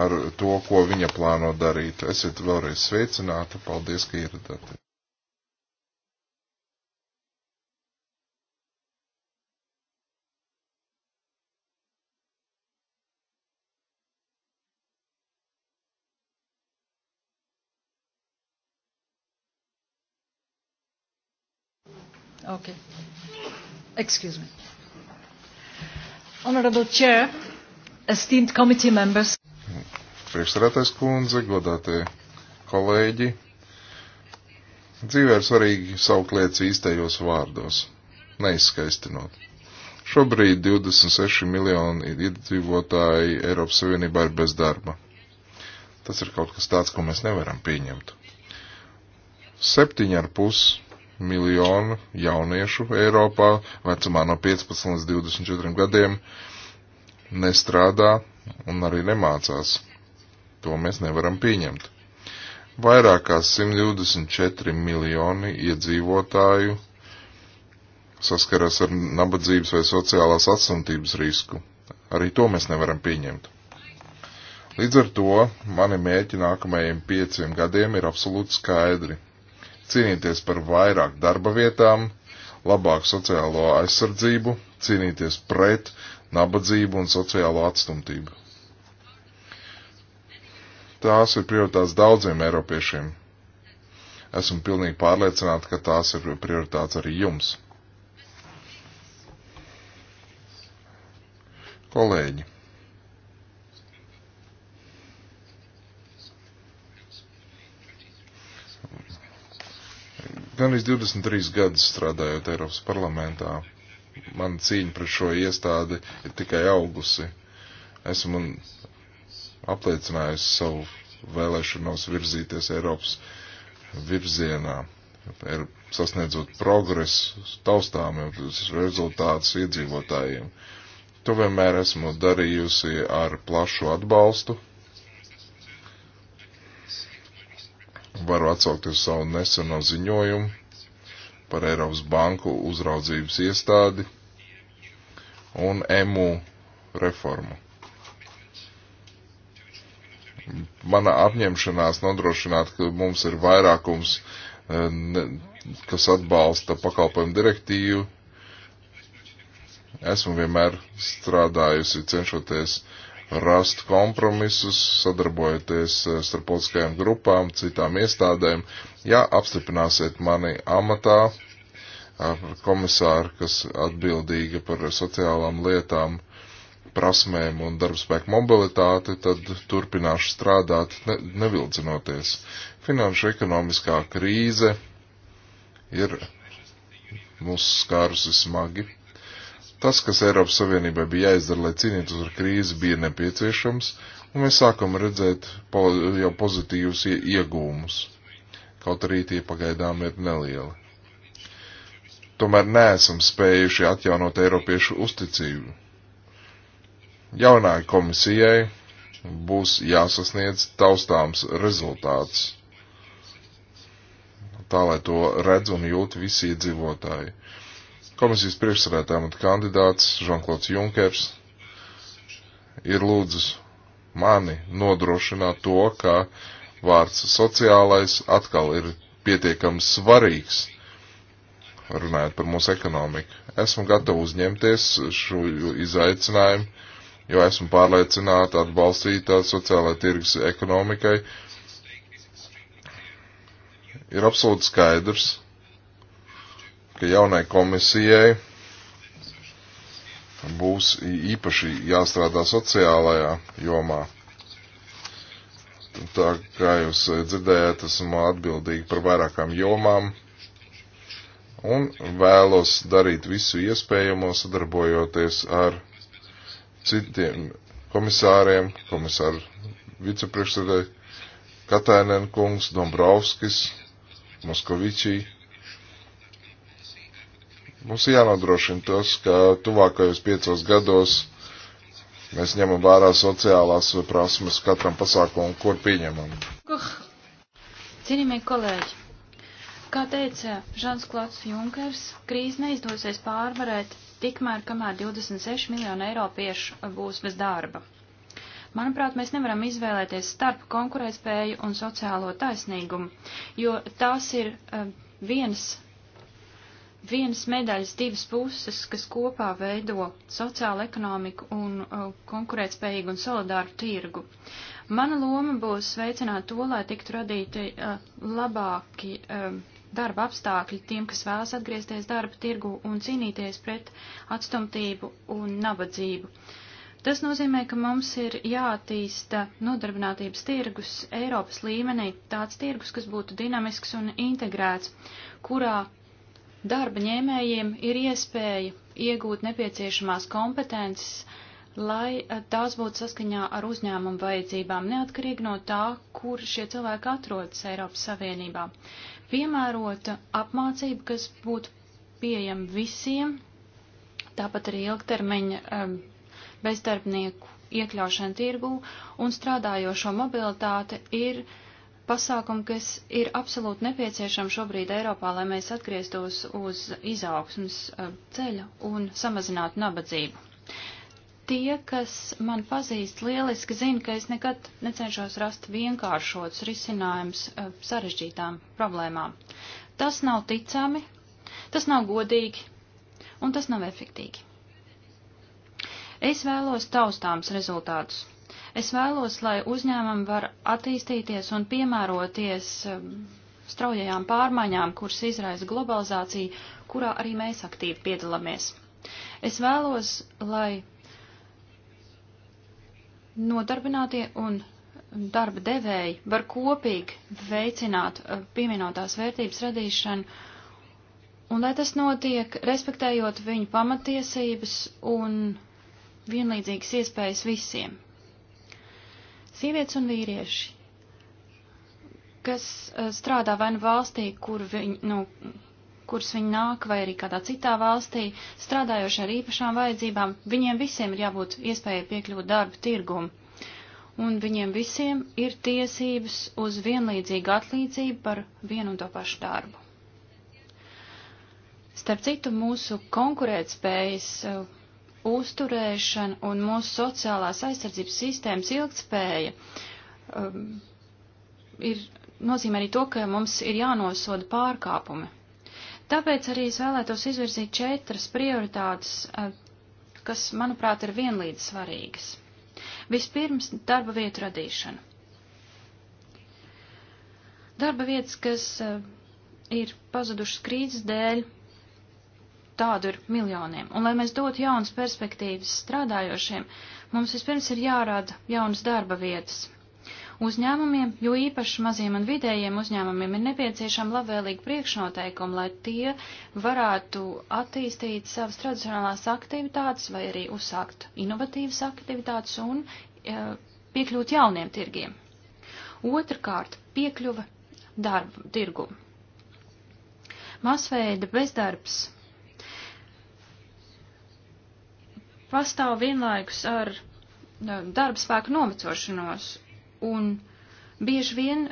ar to, ko viņa plāno darīt. Esiet vēlreiz sveicināti. Paldies, ka ieradāties. Okay. Excuse me. Honorable Chair, esteemed committee members priekšsarētais kundze, godātie kolēģi. Dzīvē ir svarīgi saukt lietas īstajos vārdos, neizskaistinot. Šobrīd 26 miljoni iedzīvotāji Eiropas Savienībā ir bez darba. Tas ir kaut kas tāds, ko mēs nevaram pieņemt. 7,5 miljonu jauniešu Eiropā vecumā no 15 līdz 24 gadiem nestrādā un arī nemācās To mēs nevaram pieņemt. Vairāk kā 124 miljoni iedzīvotāju saskaras ar nabadzības vai sociālās atsantības risku. Arī to mēs nevaram pieņemt. Līdz ar to mani mēķi nākamajiem pieciem gadiem ir absolūti skaidri. Cīnīties par vairāk darba vietām, labāku sociālo aizsardzību, cīnīties pret nabadzību un sociālo atstumtību. Tās ir prioritātes daudziem eiropiešiem. Esmu pilnīgi pārliecināta, ka tās ir prioritātes arī jums. Kolēģi. Gan līdz 23 gadus strādājot Eiropas parlamentā, man cīņa pret šo iestādi ir tikai augusi. Esmu apliecinājusi savu vēlēšanos virzīties Eiropas virzienā, ir er, sasniedzot progresu taustāmiem rezultātus iedzīvotājiem. To vienmēr esmu darījusi ar plašu atbalstu. Varu atsaukties savu neseno ziņojumu par Eiropas banku uzraudzības iestādi un EMU reformu mana apņemšanās nodrošināt, ka mums ir vairākums, e, kas atbalsta pakalpojumu direktīvu. Esmu vienmēr strādājusi, cenšoties rast kompromisus, sadarbojoties e, starptautiskajām grupām, citām iestādēm. Ja apstiprināsiet mani amatā, komisāru, kas atbildīga par sociālām lietām, prasmēm un darbspēku mobilitāti, tad turpināšu strādāt ne, nevildzinoties. Finanšu ekonomiskā krīze ir mūs skārusi smagi. Tas, kas Eiropas Savienībai bija jāizdara, lai cīnītos ar krīzi, bija nepieciešams, un mēs sākam redzēt po, jau pozitīvus iegūmus, kaut arī tie pagaidām ir nelieli. Tomēr neesam spējuši atjaunot Eiropiešu uzticību jaunai komisijai būs jāsasniedz taustāms rezultāts. Tā, lai to redz un jūt visi iedzīvotāji. Komisijas priekšsarētājiem un kandidāts Žanklots Junkers ir lūdzis mani nodrošināt to, ka vārds sociālais atkal ir pietiekami svarīgs, runājot par mūsu ekonomiku. Esmu gatava uzņemties šo izaicinājumu jo esmu pārliecināta atbalstītā uh, sociālā tirgus ekonomikai, ir absolūti skaidrs, ka jaunai komisijai būs īpaši jāstrādā sociālajā jomā. Tā kā jūs dzirdējāt, esmu atbildīgi par vairākām jomām un vēlos darīt visu iespējamo sadarbojoties ar citiem komisāriem, komisāru vicepriekšsēdētāju Katainen kungs, Dombrovskis, Moskovičī. Mums jānodrošina tas, ka tuvākajos piecos gados mēs ņemam vērā sociālās prasmes katram pasākumam, kur pieņemam. Uh, cienījamie kolēģi, kā teica Žans Klāts Junkers, krīze neizdosies pārvarēt tikmēr, kamēr 26 miljoni eiropiešu būs bez darba. Manuprāt, mēs nevaram izvēlēties starp konkurētspēju un sociālo taisnīgumu, jo tās ir uh, viens, viens medaļas divas puses, kas kopā veido sociālu ekonomiku un uh, konkurētspējīgu un solidāru tirgu. Mana loma būs veicināt to, lai tiktu radīti uh, labāki. Uh, darba apstākļi tiem, kas vēlas atgriezties darba tirgu un cīnīties pret atstumtību un nabadzību. Tas nozīmē, ka mums ir jātīsta nodarbinātības tirgus Eiropas līmenī, tāds tirgus, kas būtu dinamisks un integrēts, kurā darba ņēmējiem ir iespēja iegūt nepieciešamās kompetences, lai eh, tās būtu saskaņā ar uzņēmumu vajadzībām, neatkarīgi no tā, kur šie cilvēki atrodas Eiropas Savienībā. Piemērota apmācība, kas būtu pieejama visiem, tāpat arī ilgtermiņa eh, bezdarbnieku iekļaušana tirgū un strādājošo mobilitāte ir pasākumi, kas ir absolūti nepieciešami šobrīd Eiropā, lai mēs atgrieztos uz izaugsmas eh, ceļa un samazinātu nabadzību. Tie, kas man pazīst lieliski, zina, ka es nekad necenšos rast vienkāršots risinājums eh, sarežģītām problēmām. Tas nav ticami, tas nav godīgi un tas nav efektīgi. Es vēlos taustāms rezultātus. Es vēlos, lai uzņēmumi var attīstīties un piemēroties eh, straujajām pārmaiņām, kuras izraisa globalizācija, kurā arī mēs aktīvi piedalāmies. Es vēlos, lai nodarbinātie un darba devēji var kopīgi veicināt eh, pieminotās vērtības radīšanu, un lai tas notiek, respektējot viņu pamatiesības un vienlīdzīgas iespējas visiem. Sievietes un vīrieši, kas eh, strādā vai nu valstī, kur viņi, nu, kuras viņi nāk, vai arī kādā citā valstī, strādājoši ar īpašām vajadzībām, viņiem visiem ir jābūt iespējai piekļūt darba tirgumu. Un viņiem visiem ir tiesības uz vienlīdzīgu atlīdzību par vienu un to pašu darbu. Starp citu, mūsu konkurētspējas uh, uzturēšana un mūsu sociālās aizsardzības sistēmas ilgtspēja um, ir, nozīmē arī to, ka mums ir jānosoda pārkāpumi. Tāpēc arī es vēlētos izvirzīt četras prioritātes, eh, kas, manuprāt, ir vienlīdz svarīgas. Vispirms darba vietu radīšana. Darba vietas, kas eh, ir pazudušas krīzes dēļ, tādu ir miljoniem. Un, lai mēs dotu jaunas perspektīvas strādājošiem, mums vispirms ir jārāda jaunas darba vietas, Uzņēmumiem, jo īpaši maziem un vidējiem uzņēmumiem, ir nepieciešama labvēlīga priekšnoteikuma, lai tie varētu attīstīt savas tradicionālās aktivitātes vai arī uzsākt inovatīvas aktivitātes un e, piekļūt jauniem tirgiem. Otrakārt, piekļuva darba tirgu. Masveida bezdarbs pastāv vienlaikus ar e, darba spēku novecošanos Un bieži vien,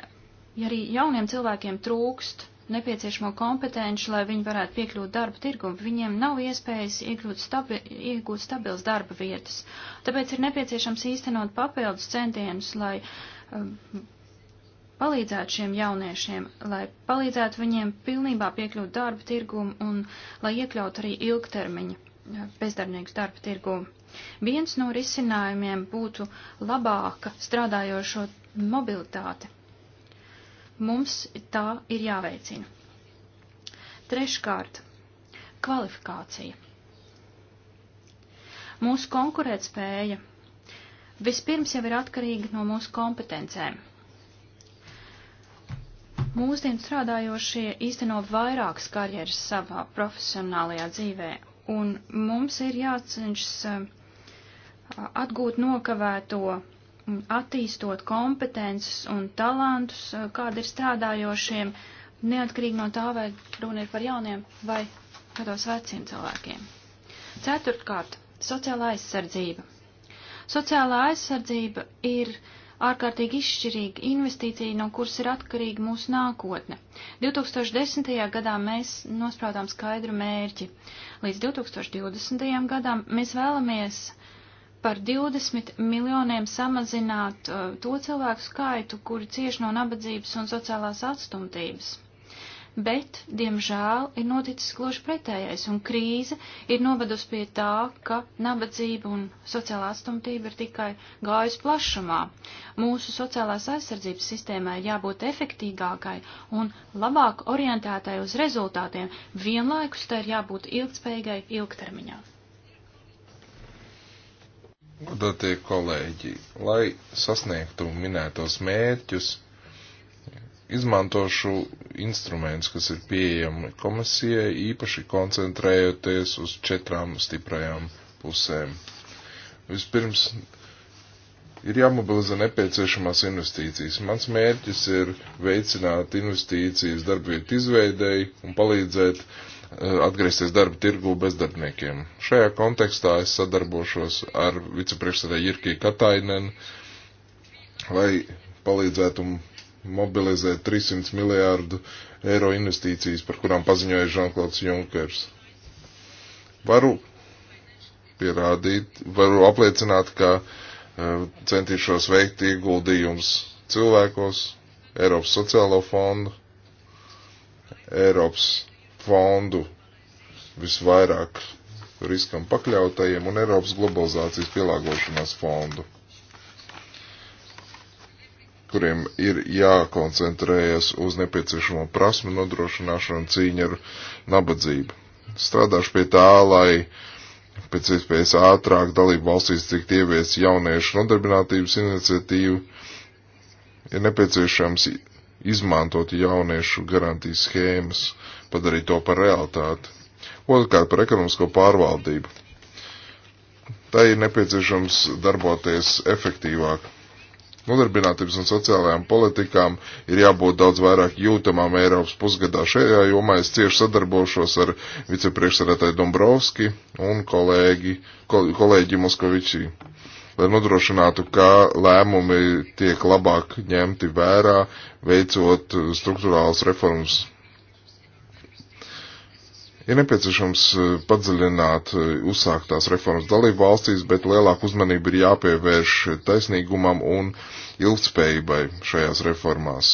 ja arī jauniem cilvēkiem trūkst nepieciešamo kompetenci, lai viņi varētu piekļūt darba tirgumu, viņiem nav iespējas iegūt, stabi iegūt stabils darba vietas. Tāpēc ir nepieciešams īstenot papildus centienus, lai um, palīdzētu šiem jauniešiem, lai palīdzētu viņiem pilnībā piekļūt darba tirgumu un lai iekļaut arī ilgtermiņa uh, bezdarbniekus darba tirgumu. Viens no risinājumiem būtu labāka strādājošo mobilitāte. Mums tā ir jāveicina. Treškārt, kvalifikācija. Mūsu konkurētspēja vispirms jau ir atkarīga no mūsu kompetencēm. Mūsdien strādājošie īsteno vairākas karjeras savā profesionālajā dzīvē, un mums ir jācenšas atgūt nokavēto, attīstot kompetences un talantus, eh, kāda ir strādājošiem, neatkarīgi no tā, vai runa ir par jauniem vai kādos veciem cilvēkiem. Ceturtkārt, sociālā aizsardzība. Sociālā aizsardzība ir ārkārtīgi izšķirīga investīcija, no kuras ir atkarīga mūsu nākotne. 2010. gadā mēs nospraudām skaidru mērķi. Līdz 2020. gadam mēs vēlamies par 20 miljoniem samazināt uh, to cilvēku skaitu, kuri cieš no nabadzības un sociālās atstumtības. Bet, diemžēl, ir noticis gluži pretējais, un krīze ir novedusi pie tā, ka nabadzība un sociālā atstumtība ir tikai gājusi plašumā. Mūsu sociālās aizsardzības sistēmai jābūt efektīgākai un labāk orientētai uz rezultātiem, vienlaikus tai ir jābūt ilgspējīgai ilgtermiņā. Dotie kolēģi, lai sasniegtu minētos mērķus, izmantošu instrumentus, kas ir pieejami komisijai, īpaši koncentrējoties uz četrām stiprajām pusēm. Vispirms ir jāmobilizē nepieciešamās investīcijas. Mans mērķis ir veicināt investīcijas darbvietu izveidēji un palīdzēt uh, Eh, atgriezties darba tirgu bezdarbniekiem. Šajā kontekstā es sadarbošos ar vicepriekšsēdēju Jirkī Katainen, lai palīdzētu mobilizēt 300 miljārdu eiro investīcijas, par kurām paziņoja Žanklauds Junkers. Varu pierādīt, varu apliecināt, ka eh, centīšos veikt ieguldījums cilvēkos, Eiropas sociālo fondu, Eiropas fondu visvairāk riskam pakļautajiem un Eiropas globalizācijas pielāgošanās fondu, kuriem ir jākoncentrējas uz nepieciešamo prasmu nodrošināšanu un cīņu ar nabadzību. Strādāšu pie tā, lai pēc iespējas ātrāk dalību valstīs tiktu ievies jauniešu nodarbinātības iniciatīvu, ir nepieciešams izmantot jauniešu garantijas schēmas, uh, padarīt to par realitāti. Otrkārt par ekonomisko pārvaldību. Tā ir nepieciešams darboties efektīvāk. Nodarbinātības un sociālajām politikām ir jābūt daudz vairāk jūtamām Eiropas pusgadā. Šajā jomā es cieši sadarbošos ar vicepriekšsarētāju Dombrovski un kolēģi, kol, kolēģi Moskovičī, lai nodrošinātu, ka lēmumi tiek labāk ņemti vērā, veicot struktūrālas reformas Ir nepieciešams e, padziļināt e, uzsāktās reformas dalību valstīs, bet lielāku uzmanību ir jāpievērš taisnīgumam un ilgspējībai šajās reformās.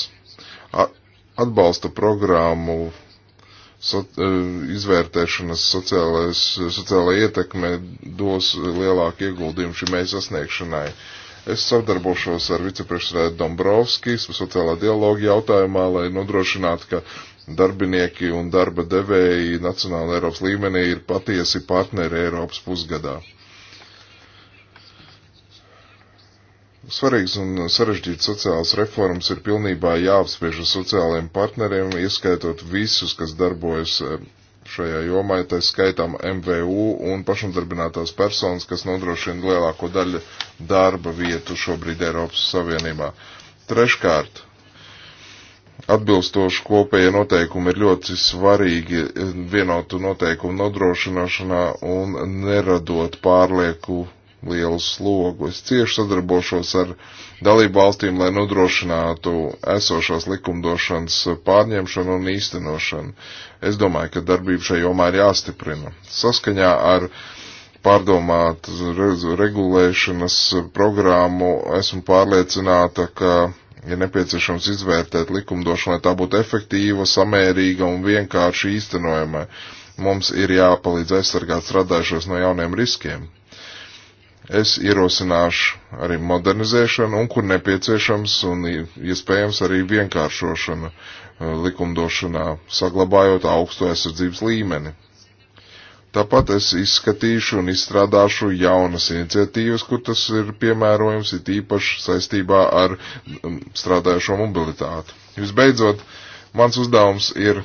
Atbalsta programmu so, e, izvērtēšanas sociālais, sociālā ietekme dos lielāku ieguldījumu šī mērķa sasniegšanai. Es sadarbošos ar vicepriekšsēdētāju Dombrovskis sociālā dialoga jautājumā, lai nodrošinātu, ka darbinieki un darba devēji nacionāla Eiropas līmenī ir patiesi partneri Eiropas pusgadā. Svarīgs un sarežģīts sociāls reformas ir pilnībā jāapspiež ar sociālajiem partneriem, ieskaitot visus, kas darbojas eh, šajā jomā, tā skaitām MVU un pašumdarbinātās personas, kas nodrošina lielāko daļu darba vietu šobrīd Eiropas Savienībā. Treškārt, atbilstoši kopējie noteikumi ir ļoti svarīgi eh, vienotu noteikumu nodrošināšanā un neradot pārlieku lielu slogu. Es cieši sadarbošos ar dalību valstīm, lai nodrošinātu esošās likumdošanas pārņemšanu un īstenošanu. Es domāju, ka darbība šajā jomā ir jāstiprina. Saskaņā ar pārdomāt regulēšanas programmu esmu pārliecināta, ka ir nepieciešams izvērtēt likumdošanu, lai tā būtu efektīva, samērīga un vienkārši īstenojama. Mums ir jāpalīdz aizsargāt strādājušos no jauniem riskiem. Es ierosināšu arī modernizēšanu un, kur nepieciešams un iespējams arī vienkāršošanu e, likumdošanā, saglabājot augstu aizsardzības līmeni. Tāpat es izskatīšu un izstrādāšu jaunas iniciatīvas, kur tas ir piemērojams, it īpaši saistībā ar mm, strādājušo mobilitāti. Visbeidzot, mans uzdevums ir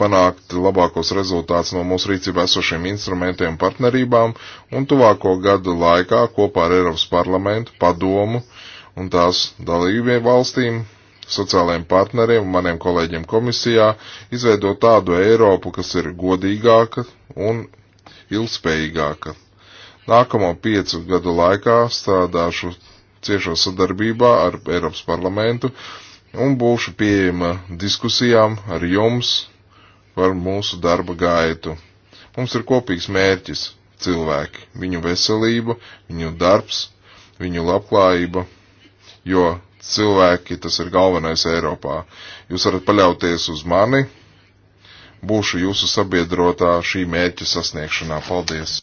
panākt labākos rezultātus no mūsu rīcībā esošiem instrumentiem un partnerībām, un tuvāko gadu laikā kopā ar Eiropas parlamentu, padomu un tās dalībiem valstīm sociālajiem partneriem un maniem kolēģiem komisijā izveidot tādu Eiropu, kas ir godīgāka un ilgspējīgāka. Nākamo piecu gadu laikā strādāšu ciešo sadarbībā ar Eiropas parlamentu un būšu pieejama diskusijām ar jums par mūsu darba gaitu. Mums ir kopīgs mērķis - cilvēki, viņu veselība, viņu darbs, viņu labklājība, jo cilvēki, tas ir galvenais Eiropā. Jūs varat paļauties uz mani, būšu jūsu sabiedrotā šī mērķa sasniegšanā. Paldies!